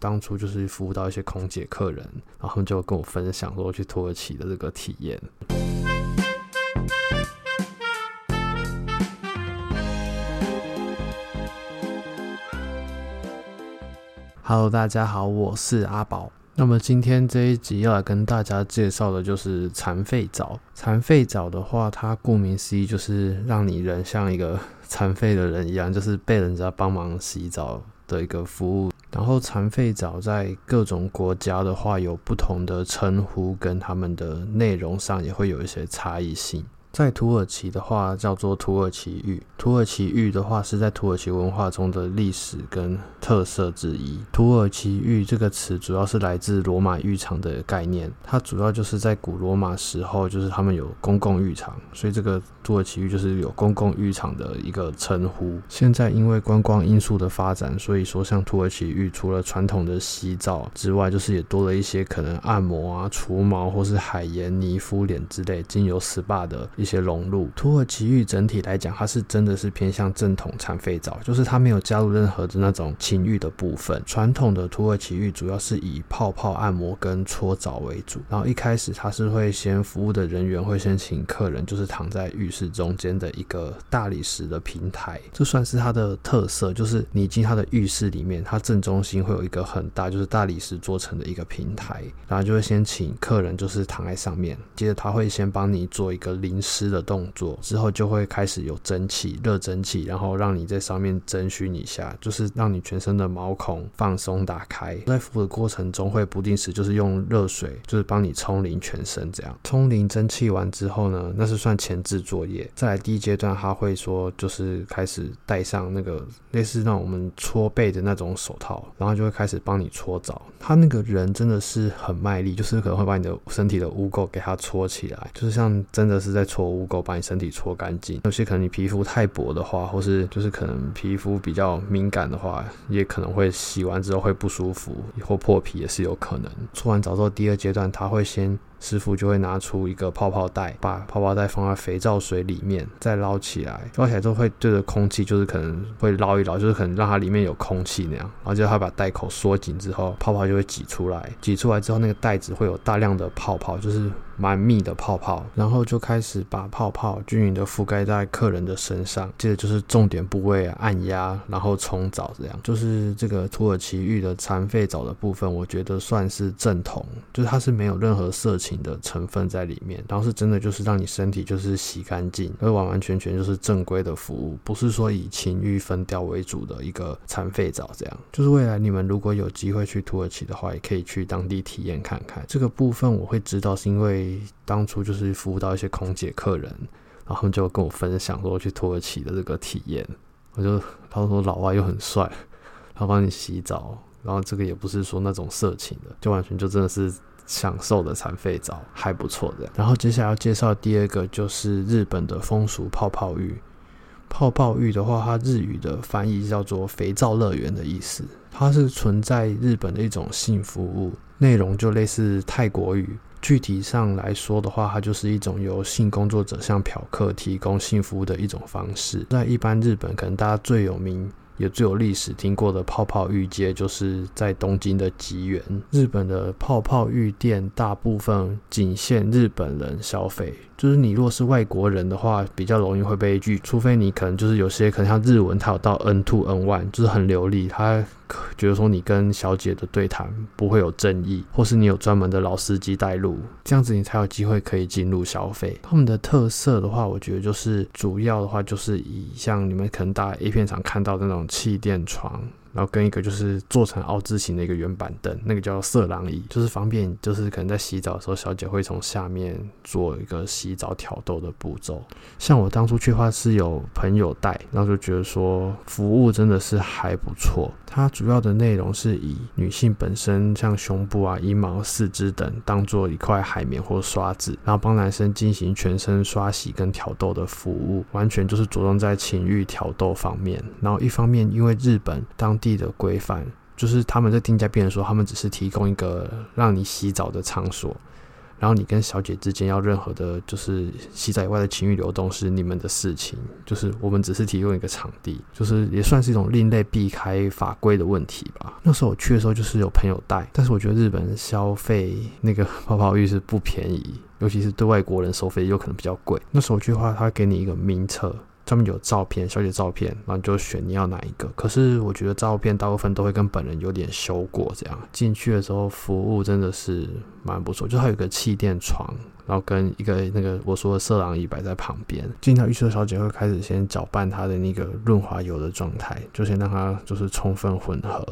當初就是服務到一些空姐客人，然後他們就跟我分享說，去土耳其的這個體驗。 Hello，大家好，我是阿寶。那麼今天這一集要來跟大家介紹的就是殘廢澡。殘廢澡的話，它顧名思義就是讓你人像一個殘 廢的人一樣，就是被人家幫忙洗澡的一個服務。然後，殘廢澡在各種國家的話有不同的稱呼，跟他們的內容上也會有一些差異性。在土耳其的話叫做土耳其浴，土耳其浴的話是在土耳其文化中的歷史跟特色之一。土耳其浴這個詞主要是來自羅馬浴場的概念，它主要就是在古羅馬時候，就是他們有公共浴場，所以這個。土耳其浴就是有公共浴場的一個稱呼。現在因為觀光因素的發展，所以說像土耳其浴除了傳統的洗澡之外，就是也多了一些可能按摩啊、除毛或是海鹽泥敷臉之類精油 SPA 的一些融入。土耳其浴整體來講，它是真的是偏向正統殘廢澡，就是它沒有加入任何的那種情慾的部分。傳統的土耳其浴主要是以泡泡按摩跟搓澡為主。然後一開始它是會先服務的人員會先請客人就是躺在浴場是中間的一個大理石的平台，這算是它的特色，就是你進它的浴室裡面，它正中心會有一個很大，就是大理石做成的一個平台，然後就會先請客人就是躺在上面，接着他會先幫你做一個淋濕的動作，之後就會開始有蒸汽、熱蒸汽，然後讓你在上面蒸熏一下，就是讓你全身的毛孔放鬆打開，在敷的過程中會不定時就是用熱水就是幫你沖淋全身，這樣沖淋蒸汽完之後呢，那是算前置作。再來第一階段，他會說，就是開始戴上那個類似讓我們搓背的那種手套，然後就會開始幫你搓澡。他那個人真的是很賣力，就是可能會把你的身體的污垢給他搓起來，就是像真的是在搓污垢，把你身體搓乾淨。有些可能你皮膚太薄的話，或是就是可能皮膚比較敏感的話，也可能會洗完之後會不舒服，或破皮也是有可能。搓完澡之後，第二階段他會先。師傅就會拿出一個泡泡袋，把泡泡袋放在肥皂水裡面，再撈起來。撈起來之後會對着、就是、空氣，就是可能會撈一撈，就是可能讓它裡面有空氣那樣。然後就他把袋口縮緊之後，泡泡就會擠出來。擠出來之後，那個袋子會有大量的泡泡，就是。蠻綿密的泡泡，然後就開始把泡泡均勻的覆蓋在客人的身上，接着就是重點部位、啊、按壓，然後沖澡這樣，就是這個土耳其浴的殘廢澡的部分，我覺得算是正統，就是它是沒有任何色情的成分在裡面，然後是真的就是讓你身體就是洗乾淨，而完完全全就是正規的服務，不是說以情欲分掉為主的一個殘廢澡這樣，就是未來你們如果有機會去土耳其的話，也可以去當地體驗看看，這個部分我會知道是因為當初就是服務到一些空姐客人，然後他們就跟我分享說去土耳其的這個體驗，我就他說老外又很帥，他幫你洗澡，然後這個也不是說那種色情的，就完全就真的是享受的殘廢澡，還不錯的。然後接下來要介紹第二個就是日本的風俗泡泡浴，泡泡浴的話，它日語的翻譯叫做“肥皂樂園”的意思，它是存在日本的一種性服務，內容就類似泰國語。具體上來說的話，它就是一種由性工作者向嫖客提供性服務的一種方式。在一般日本可能大家最有名也最有歷史聽過的泡泡浴街，就是在東京的吉原。日本的泡泡浴店大部分僅限日本人消費。就是你若是是外國人的話，比較容易會被拒，除非你可能就是有些可能像日文，他有到 N two N one，就是很流利，他覺得說你跟小姐的對談不會有爭議，或是你有專門的老司機帶路，這樣子你才有機會可以進入消費。他們的特色的話，我覺得就是主要的話就是以像你們可能大家 A 片場看到的那種氣墊床。然後跟一個就是做成凹字形的一個圓板凳，那個叫色狼椅，就是方便，就是可能在洗澡的時候，小姐會從下面做一個洗澡挑逗的步驟。像我當初去的話是有朋友帶，然後就覺得說服務真的是還不錯。它主要的內容是以女性本身像胸部啊、陰毛、四肢等，當做一塊海綿或刷子，然後幫男生進行全身刷洗跟挑逗的服務，完全就是着重在情欲挑逗方面。然後一方面因為日本當地的規範，就是他們在定價別人說，他們只是提供一個讓你洗澡的場所，然後你跟小姐之間要任何的，就是洗澡以外的情欲流動是你們的事情，就是我們只是提供一個場地，就是也算是一種另類避開法規的問題吧。那時候我去的時候就是有朋友帶，但是我覺得日本消費那個泡泡浴是不便宜，尤其是對外國人收費有可能比較貴。那時候我去的話，他會給你一個名冊。上面有照片，小姐照片，然後就選你要哪一個。可是我覺得照片大部分都會跟本人有點修過，這樣進去的時候服務真的是蠻不錯，就它有一個氣墊床，然後跟一個那個我說的色狼椅擺在旁邊。進到浴室的小姐會開始先攪拌她的那個潤滑油的狀態，就先讓它就是充分混合，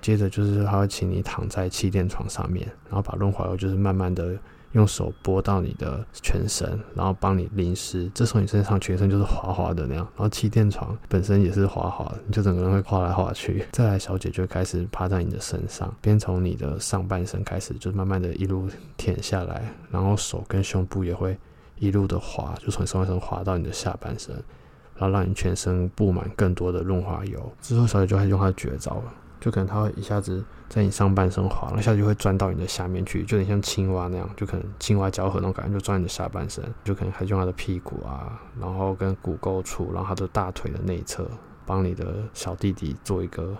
接着就是她會請你躺在氣墊床上面，然後把潤滑油就是慢慢的。用手撥到你的全身，然後幫你淋濕，這時候你身上全身就是滑滑的那樣。然後氣墊床本身也是滑滑的，你就整個人會滑來滑去。再來，小姐就開始趴在你的身上，邊從你的上半身開始，就慢慢的一路舔下來，然後手跟胸部也會一路的滑，就從上半身滑到你的下半身，然後讓你全身布滿更多的潤滑油。之後，小姐就開始用她的絕招了。就可能它會一下子在你上半身滑，然後下去會鑽到你的下面去，就有點像青蛙那樣，就可能青蛙交合那種感覺，就鑽你的下半身，就可能還用它的屁股啊，然後跟股溝處，然後它的大腿的內側，幫你的小弟弟做一個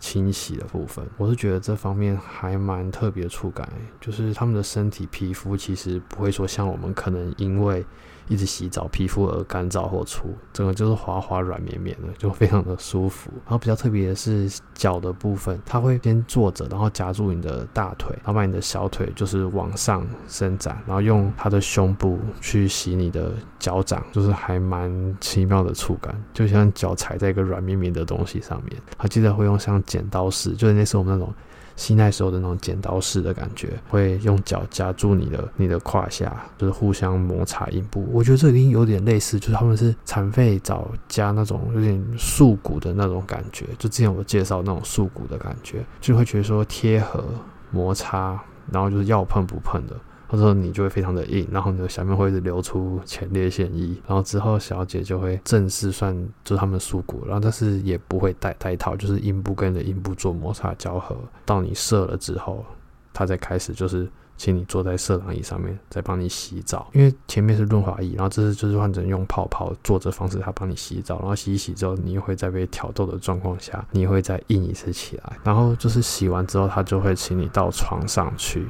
清洗的部分。我是覺得這方面還蠻特別觸感、欸，就是他們的身體皮膚其實不會說像我們可能因為。一直洗澡，皮膚而乾燥或粗，整個就是滑滑軟綿綿的，就非常的舒服。然後比較特別的是腳的部分，它會先坐着，然後夾住你的大腿，然後把你的小腿就是往上伸展，然後用它的胸部去洗你的腳掌，就是還蠻奇妙的觸感，就像腳踩在一個軟綿綿的東西上面。還記得會用像剪刀式，就那時候我們那種。吸奶時候的那種剪刀式的感覺，會用腳夾住你的你的胯下，就是互相摩擦陰部，我覺得這已經有點類似，就是他們是殘廢澡加那種有點束骨的那種感覺，就之前我介紹那種束骨的感覺，就會覺得說貼合摩擦，然後就是要碰不碰的。到時候你就會非常的硬，然後你的下面會一直流出前列腺液，然後之後小姐就會正式算就是他們束骨，然後但是也不會帶帶套，就是陰部跟着陰部做摩擦交合，到你射了之後，他再開始就是請你坐在色狼椅上面，再幫你洗澡，因為前面是潤滑液，然後這次就是換成用泡泡坐着方式，他幫你洗澡，然後洗一洗之後，你又會在被挑逗的狀況下，你又會再硬一次起來，然後就是洗完之後，他就會請你到床上去。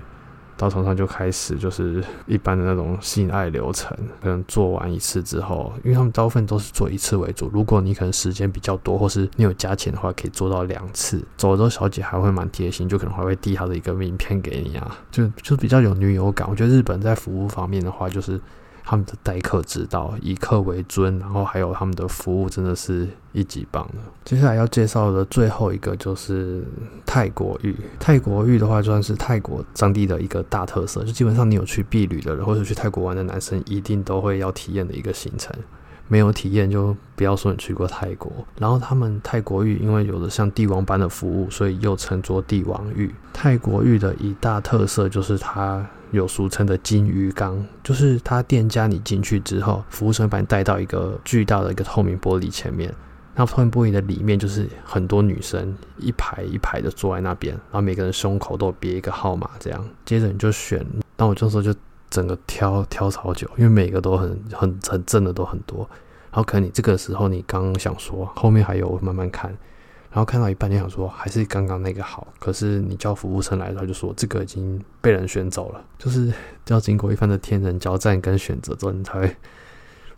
到床上就開始就是一般的那種性愛流程，可能做完一次之後，因為他們大部分都是做一次為主。如果你可能時間比較多，或是你有加錢的話，可以做到兩次。走的時候，小姐還會蠻貼心，就可能還會遞她的一個名片給你啊，就就比較有女友感。我覺得日本在服務方面的話，就是。他們的待客之道，以客為尊，然後還有他們的服務真的是一級棒的。接下來要介紹的最後一個就是泰國浴。泰國浴的話，就算是泰國當地的一個大特色，就基本上你有去畢旅的人，或者去泰國玩的男生，一定都會要體驗的一個行程。沒有體驗就不要說你去過泰國。然後他們泰國浴因為有的像帝王般的服務，所以又稱作帝王浴。泰國浴的一大特色就是它有俗稱的金魚缸，就是它店家你進去之後，服務生把你帶到一個巨大的一個透明玻璃前面，那透明玻璃的裡面就是很多女生一排一排的坐在那邊，然後每個人胸口都有別一個號碼這樣，接着你就選。那我這時候就。整個挑挑超久，因為每個都很很很正的都很多，然後可能你這個時候你剛想說後面還有我慢慢看，然後看到一半你想說還是剛剛那個好，可是你叫服務生來了他就說這個已經被人選走了，就是要經過一番的天人交戰跟選擇之後，你才會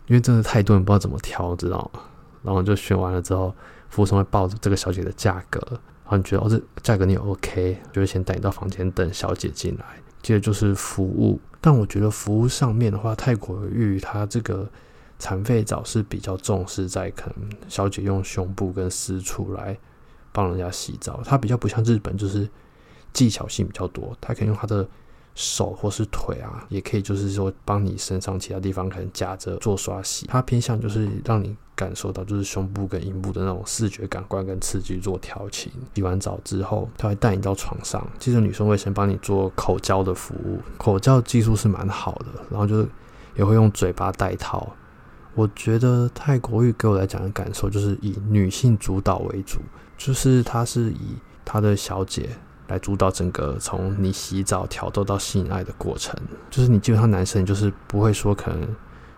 因為真的太多你不知道怎麼挑，知道嗎？然後就選完了之後，服務生會報這個小姐的價格，然後你覺得哦這價格你 OK，就會先帶你到房間等小姐進來，接着就是服務。但我覺得服務上面的話，泰國浴它這個殘廢澡是比較重視在，可能小姐用胸部跟私處來幫人家洗澡，它比較不像日本，就是技巧性比較多，它可以用它的手或是腿啊，也可以就是說幫你身上其他地方可能夾着做刷洗，它偏向就是讓你感受到就是胸部跟陰部的那種視覺感官跟刺激做調情，洗完澡之後他會帶你到床上，接著女生會先幫你做口交的服務，口交技術是蠻好的，然後就是也會用嘴巴戴套。我覺得泰國浴給我來講的感受就是以女性主導為主，就是她是以她的小姐來主導整個從你洗澡挑逗到性愛的過程，就是你基本上男生就是不會說可能。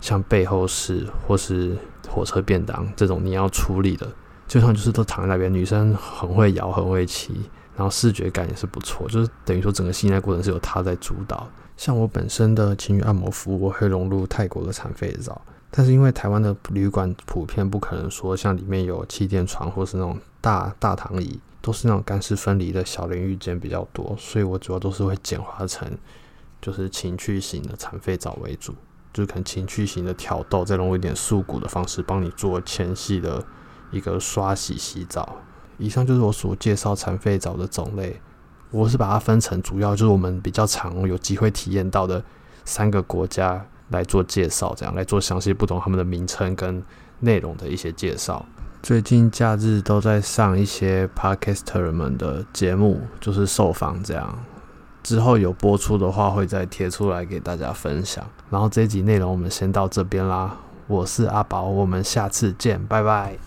像背後式或是火車便當這種你要處理的，基本上就是都躺在那邊。女生很會搖，很會騎，然後視覺感也是不錯，就是等於說整個性愛過程是由她在主導。像我本身的情趣按摩服務我會融入泰國的殘廢澡，但是因為台灣的旅館普遍不可能說像裡面有氣墊床或是那種大大躺椅，都是那種乾濕分離的小淋浴間比較多，所以我主要都是會簡化成就是情趣型的殘廢澡為主。就是可能情趣型的挑逗，再融入一點復古的方式，幫你做前戲的一個刷洗洗澡。以上就是我所介紹殘廢澡的種類。我是把它分成主要就是我們比較常有機會體驗到的三個國家來做介紹，這樣來做詳細不同他們的名稱跟內容的一些介紹。最近假日都在上一些 Podcaster 們的節目，就是受訪這樣。之後有播出的話，會再貼出來給大家分享。然後這集內容我們先到這邊啦，我是阿寶，我們下次見，拜拜。